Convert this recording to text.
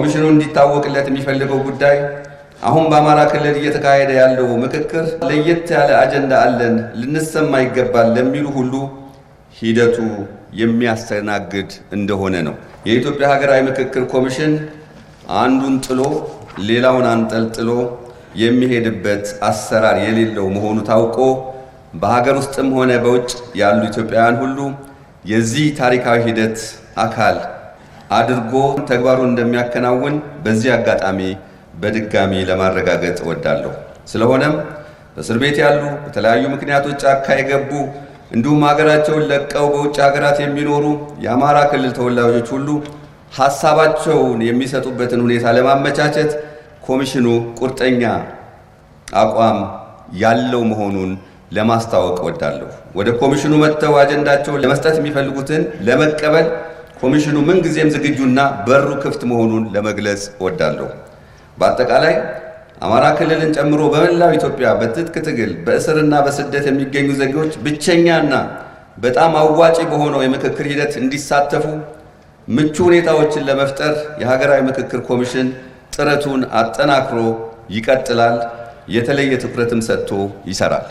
ኮሚሽኑ እንዲታወቅለት የሚፈልገው ጉዳይ አሁን በአማራ ክልል እየተካሄደ ያለው ምክክር ለየት ያለ አጀንዳ አለን፣ ልንሰማ ይገባል ለሚሉ ሁሉ ሂደቱ የሚያስተናግድ እንደሆነ ነው። የኢትዮጵያ ሀገራዊ ምክክር ኮሚሽን አንዱን ጥሎ ሌላውን አንጠልጥሎ የሚሄድበት አሰራር የሌለው መሆኑ ታውቆ በሀገር ውስጥም ሆነ በውጭ ያሉ ኢትዮጵያውያን ሁሉ የዚህ ታሪካዊ ሂደት አካል አድርጎ ተግባሩን እንደሚያከናውን በዚህ አጋጣሚ በድጋሚ ለማረጋገጥ እወዳለሁ። ስለሆነም በእስር ቤት ያሉ በተለያዩ ምክንያቶች ጫካ የገቡ እንዲሁም ሀገራቸውን ለቀው በውጭ ሀገራት የሚኖሩ የአማራ ክልል ተወላጆች ሁሉ ሀሳባቸውን የሚሰጡበትን ሁኔታ ለማመቻቸት ኮሚሽኑ ቁርጠኛ አቋም ያለው መሆኑን ለማስታወቅ እወዳለሁ። ወደ ኮሚሽኑ መጥተው አጀንዳቸውን ለመስጠት የሚፈልጉትን ለመቀበል ኮሚሽኑ ምንጊዜም ዝግጁና በሩ ክፍት መሆኑን ለመግለጽ እወዳለሁ። በአጠቃላይ አማራ ክልልን ጨምሮ በመላው ኢትዮጵያ በትጥቅ ትግል በእስርና በስደት የሚገኙ ዜጎች ብቸኛና በጣም አዋጪ በሆነው የምክክር ሂደት እንዲሳተፉ ምቹ ሁኔታዎችን ለመፍጠር የሀገራዊ ምክክር ኮሚሽን ጥረቱን አጠናክሮ ይቀጥላል። የተለየ ትኩረትም ሰጥቶ ይሰራል።